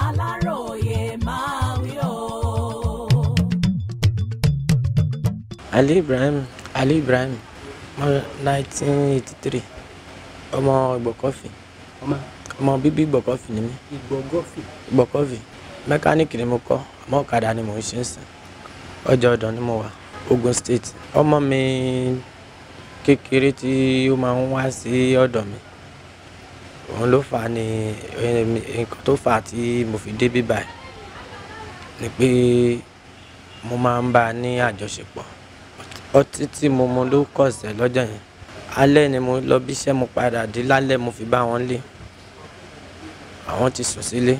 aláròye máa wí o. Ali Ibrahim Ali Ibrahim nineteen eighty three ọmọ ìgbọ̀kọ́fì ọmọ bíbí ìgbọ̀kọ́fì ni mí. ìgbọ̀gọ́fì. ìgbọ̀kọ́fì mẹkáníìkì ni mo kọ́ ọmọ ọ̀kadà ni mo ń ṣe ń sìn ọjọ́ ọ̀dọ̀ ni mo wà Ogun State ọmọ mi kékeré tí ó máa ń wá sí ọ̀dọ̀ mi òun ló fà á ní nǹkan tó fà á tí mo fi dé báyìí ni pé mo máa ń bá a ní àjọṣepọ̀ ọtí tí mo mu ló kọ̀sẹ̀ lọ́jọ́ yẹn alẹ́ ni mo lọ bí iṣẹ́ mo padà dé lálẹ́ mo fi bá wọn lé àwọn ti sùn sílé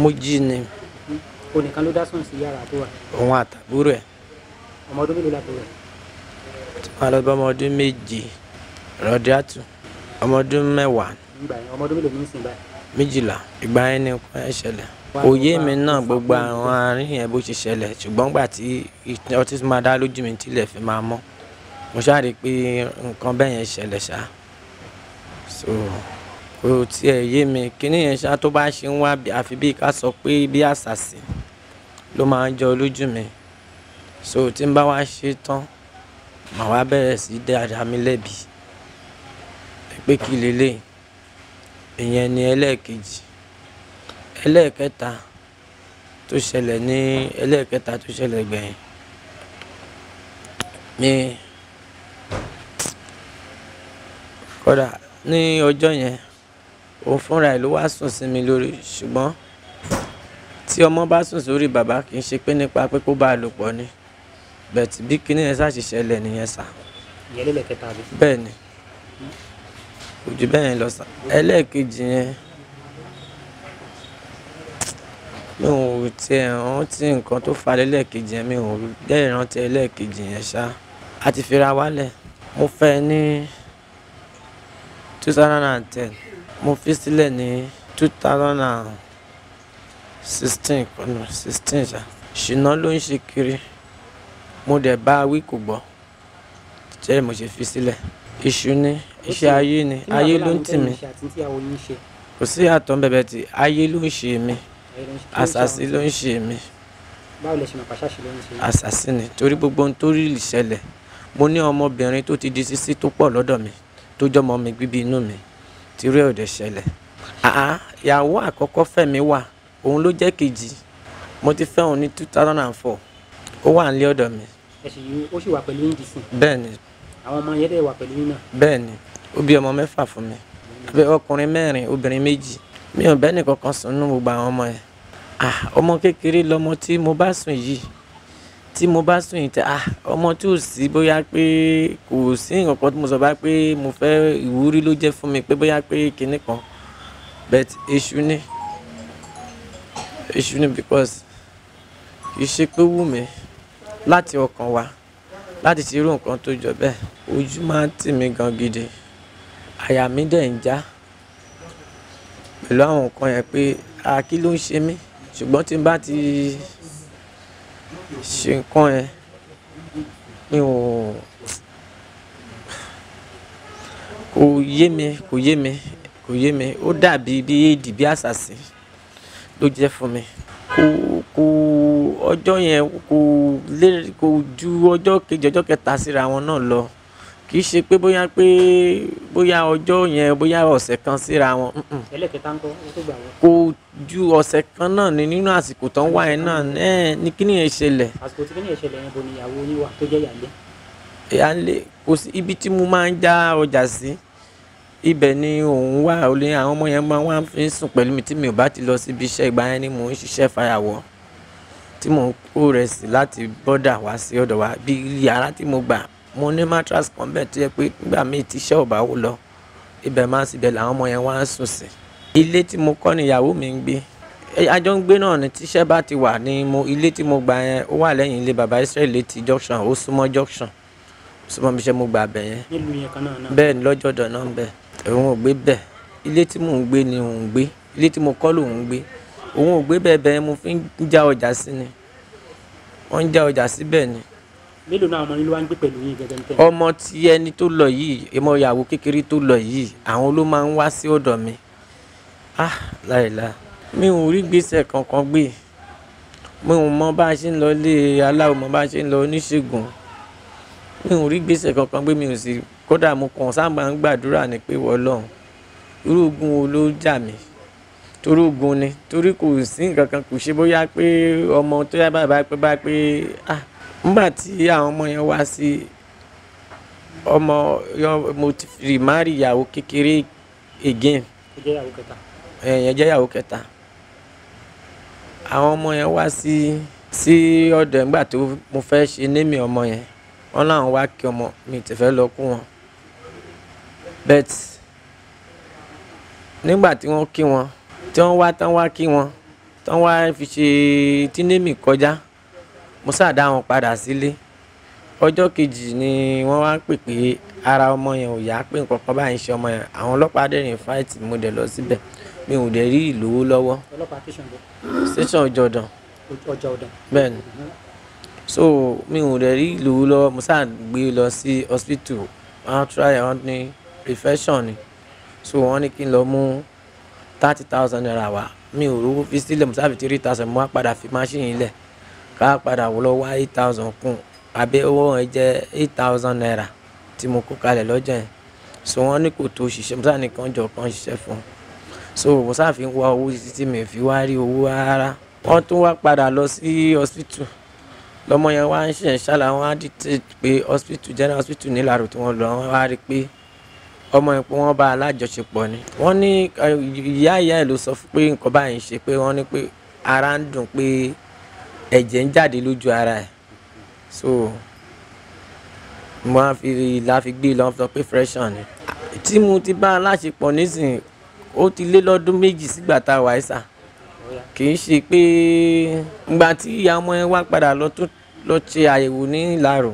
mo jí ni. o nìkan ló dá sùn sí yàrá tó wà. òun àtàbúrò ẹ̀. ọmọ ọdún mélòó làbúrò ẹ̀. tí wọ́n lọ bá ọmọ ọdún méje rọ̀díátù ọmọdún mẹ́wàá. ọmọdún mélòó ní sìn báyìí. méjìlá ìgbà yẹn ni nǹkan ẹ̀ ṣẹlẹ̀ òye mi náà gbogbo àwọn àárín yẹn bó ṣe ṣẹlẹ̀ ṣùgbọ́n gbà tí ọtí máa dá lójú mi tilẹ̀ fi máa mọ́ mo ṣáà rí i pé nǹkan bẹ́ẹ̀ yẹn ṣẹlẹ̀ ṣá so kò tiẹ̀ yé mi kíní yẹn ṣá tó bá ṣe ń wá àfi bí ká sọ pé bí àṣàṣì ló máa ń jọ lójú mi so tí n bá wá ṣe tán màá wá bẹ̀rẹ̀ sí dáadáa mi lẹ́bi pé kí lélẹ̀ ìyẹn ni ẹlẹ́ẹ̀kejì ẹlẹ́ẹ̀kẹta tó ṣẹlẹ̀ ní ẹlẹ́ẹ̀kẹta tó ṣẹlẹ̀ gbẹ̀yìn ní kódà ní ọjọ́ yẹn òun fúnra ẹ̀ ló wá sùn sí mi lórí ṣùgbọ́n tí ọmọ bá sùn sórí bàbá kì í ṣe pé nípa pé kó bá a lò pọ̀ ni bẹ̀tì bí kinní yẹn ṣàṣìṣẹlẹ̀ nìyẹn sà. bẹ́ẹ̀ ni kò jù bẹ́ẹ̀ yẹn lọ sà ẹlẹ́ẹ̀kejì yẹn mi ò tiẹ̀ rántí nǹkan tó fa lẹ́lẹ́ẹ̀kejì yẹn mi ò dẹ́ẹ̀ rántí ẹlẹ́ẹ̀kejì yẹn ṣá a ti fira wálẹ̀ mo fẹ́ ní two thousand and ten mo fi sílẹ̀ ní two thousand and sixteen pẹ̀lú sixteen ṣá ṣìnà ló ń ṣe kiri mo dẹ̀ bá wí kò gbọ́ jẹ́ mo ṣe fi sílẹ̀ iṣu ní iṣẹ́ ayé ni ayé ló ń tì mí kò sí àtọ̀ bẹ̀bẹ̀ tí ayé ló ń ṣe mí àṣàṣì ló ń ṣe mí àṣàṣì ni torí gbogbo ohun tó rí ìṣẹ̀lẹ̀ mo ní ọmọbìnrin tó ti di sísí tó pọ̀ lọ́dọ̀ mi tó jọmọ mi bíbí inú mi tirẹ̀ ò dẹ̀ ṣẹlẹ̀ àá ìyàwó àkọ́kọ́ fẹ̀mí wà òun ló jẹ́ kejì mo ti fẹ́ òun ní two thousand and four ó wà nílé ọ̀dọ̀ mi. ẹ ṣì yí ó sì wà pẹ̀lú yín dì bẹ́ẹ̀ ni àwọn ọmọ yẹn dẹ̀ wà pẹ̀lú yín náà. bẹ́ẹ̀ni ó bí ọmọ mẹ́fà fún mi abẹ ọkùnrin mẹ́rin obìnrin méjì mi ò bẹ́ẹ̀ nìkankan sùn nínú gbogbo àwọn ọmọ yẹn ah ọmọ kékeré lọmọ tí mo bá sùn yìí tí mo bá sùn yìí tẹ ah ọmọ tí ò sí bóyá pé kò sí nǹkan tí mo sọ bá pé mo fẹ́ ìwúrí ló jẹ́ fún mi pé bóyá pé kinní kan but èṣù ni èṣù ni because kì í ṣe pé wù mí láti ọkàn wa láti ṣe irú nǹkan tó jọ bẹ́ẹ̀ ojú máa ń tì mí gan gidi àyà mi dẹ̀ ń já pẹ̀lú àwọn nǹkan yẹn pé a kí ló ń ṣe mí ṣùgbọ́n tí n bá ti ṣe nǹkan yẹn mi ò kò yé mi kò yé mi kò yé mi ó dàbí bí éèdì bí àṣàsí ló jẹ́ fún mi kò kò ọjọ́ yẹn kò lé kò ju ọjọ́ kejì ọjọ́ kẹta síra wọn náà lọ kì í ṣe pé bóyá pé bóyá ọjọ́ yẹn bóyá ọ̀sẹ̀ kan síra wọn. ẹlẹ́kẹta ń kọ́ ó tó gbà wọ́n. kò ju ọ̀sẹ̀ kan náà ni nínú àsìkò tó ń wá yẹn náà ní kíní yẹn ṣẹlẹ̀. àsìkò tí kíní yẹn ṣẹlẹ̀ yẹn bo ni ìyàwó yín wà tó jẹ́ ìyàlẹ́. ìyàlẹ́ kò sí ibi tí mo máa ń já ọjà sí ibẹ̀ ni òun wà ó lé àwọn ọmọ yẹn máa wá fi ń sùn pẹ̀lú mi tí mi ò bá ti lọ síbi iṣẹ́ ìgbà yẹn ni mò ń ṣiṣẹ́ fàyàwọ́ tí mò ń kó rẹ̀ sí láti bọ́dà wá sí ọ̀dọ̀ wa bí yàrá tí mo gbà mo ní mattress kan bẹ́ẹ̀ tó yẹ pé nígbà míì tí iṣẹ́ ò bá wò lọ ibẹ̀ máa ń síbẹ̀ làwọn ọmọ yẹn wá ń sùn sí. ilé tí mo kọ́ ni ìyàwó mi ń gbé ajọ́ ń gbé náà ni tíṣẹ́ bá ti wà ní mo ilé tí mo gbà yẹn ó wà lẹ́yìn ilé baba Israel létí junction ó súnmọ́ junction ó súnmọ́ bíṣẹ́ mo gbà bẹ̀ yẹn bẹ́ẹ̀ ni lọ́jọ́ dọ̀nà ń bẹ́ẹ̀ òun ò gbé bẹ́ẹ̀ ilé tí mò ń gbé ni òun gbé ilé tí mo kọ́ lòun gbé òun ò gbé bẹ́ẹ̀ bẹ́ẹ̀ mo fi ń já ọjà sí ni wọ́n ń já ọjà síbẹ̀ ni. mélòó náà ọmọ yín ló wá ń gbé pẹ̀lú yín gẹ́gẹ́ ọmọ tí ẹni tó lọ yìí ọmọ ìyàwó kékeré tó lọ yìí àwọn ló máa ń wá sí ọ̀dọ̀ mi ah láìláà mi ò rí gbèsè kankan gbé mi ò mọ bá a ṣe ń lọ ilé aláwo mọ bá a ṣe ń lọ oníṣègùn mi ò rí gbèsè kankan gbé mi ò sì kódà mo kàn sábà ń gbàdúrà ní pé wọ́lọ́run irú ogun wo ló jà mí torí ogun ni torí kò sí nǹkan kan kò ṣe bóyá pé ọmọ tó yá bàbá pé bá pé ah nígbà tí àwọn ọmọ yẹn wá sí ọmọ mo ti rí má ìyàwó kékeré again ẹ̀yẹn jẹ́ ìyàwó kẹta àwọn ọmọ yẹn wá sí sí ọ̀dọ̀ ẹ̀ nígbà tó mo fẹ́ ṣe némi ọmọ yẹn wọn làwọn wá kí ọmọ mi ti fẹ́ lọ kú wọn bet nígbà tí wọ́n kí wọn tí wọ́n wá tán wá kí wọn tán wá fi ṣe tínémì kọjá mo ṣàdá wọn padà sílé ọjọ́ kejì ni wọ́n wá pè pé ara ọmọ yẹn ò yá pé nǹkan kan bá ń ṣe ọmọ yẹn àwọn ọlọ́pàá dẹ̀rìn fáìtì mo dẹ̀ lọ síbẹ̀ mi ò dẹ̀ rí ìlówó lọ́wọ́. ọlọ́pàá tẹ̀sán bẹ́ẹ̀ ni so mi ò dẹ̀ rí ìlú lọ́wọ́ mo sáà gbé lọ sí hospital wọ́n á try wọ́n ní reflection ni so wọ́n ní kí n lọ mú thirty thousand naira wá mi ò rówó fi sílẹ̀ mo sáà fi three thousand mo wá padà fi machine lẹ̀ ká padà wọ́n lọ wá eight thousand kún àbí owó wọn jẹ́ eight thousand naira tí mo kó kalẹ̀ lọ́jọ́ yẹn so wọ́n ní kò tó ṣiṣẹ́ mo sáà ní kàn jọ kàn ṣiṣẹ́ fún so mo sáà fi ń wá owó títí mi fi wá rí owó rárá wọ́n tún wá padà lọ sí hospital lọ́mọ yẹn wá ń ṣe ṣàlà wọn á dìtẹ̀ pé hospital general hospital nílàró tí wọ́n lọ wọn wá rí i pé ọmọ yẹn pé wọ́n bá alájọṣepọ̀ ni wọ́n ní ìyá ìyá ẹ̀ ló sọ fún pé nǹkan báyìí ń ṣe pé wọ́n ní pé ara ń dùn pé ẹ̀jẹ̀ ń jáde lójú ara ẹ̀ so mo á fi láfi gbé lọ́n sọ pé freshan ni tí mo ti bá aláṣepọ̀ nísìnyí ó ti lé lọ́dún méjì sígbà tá a wà ẹ́ sà kì í ṣe pé ìgbà tí ìyá ọmọ yẹn wá padà lọ tó lọ ṣe àyẹ̀wò ní ìlàrò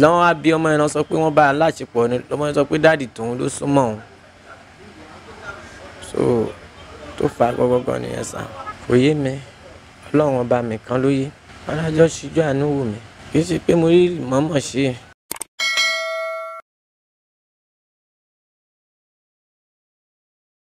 lọ́wọ́ á bí ọmọ yẹn lọ sọ pé wọ́n bá a láṣepọ̀ ni ọmọ yẹn sọ pé dáàdì tòun ló súnmọ́ òun so tó fa gbọgbọgbọ nìyẹn sá kò yé mi ọlọ́run ọba mi kan ló yé adájọ́ ṣíjú àánú wò mí kì í ṣe pé mo rí mọ́mọ́ ṣe é.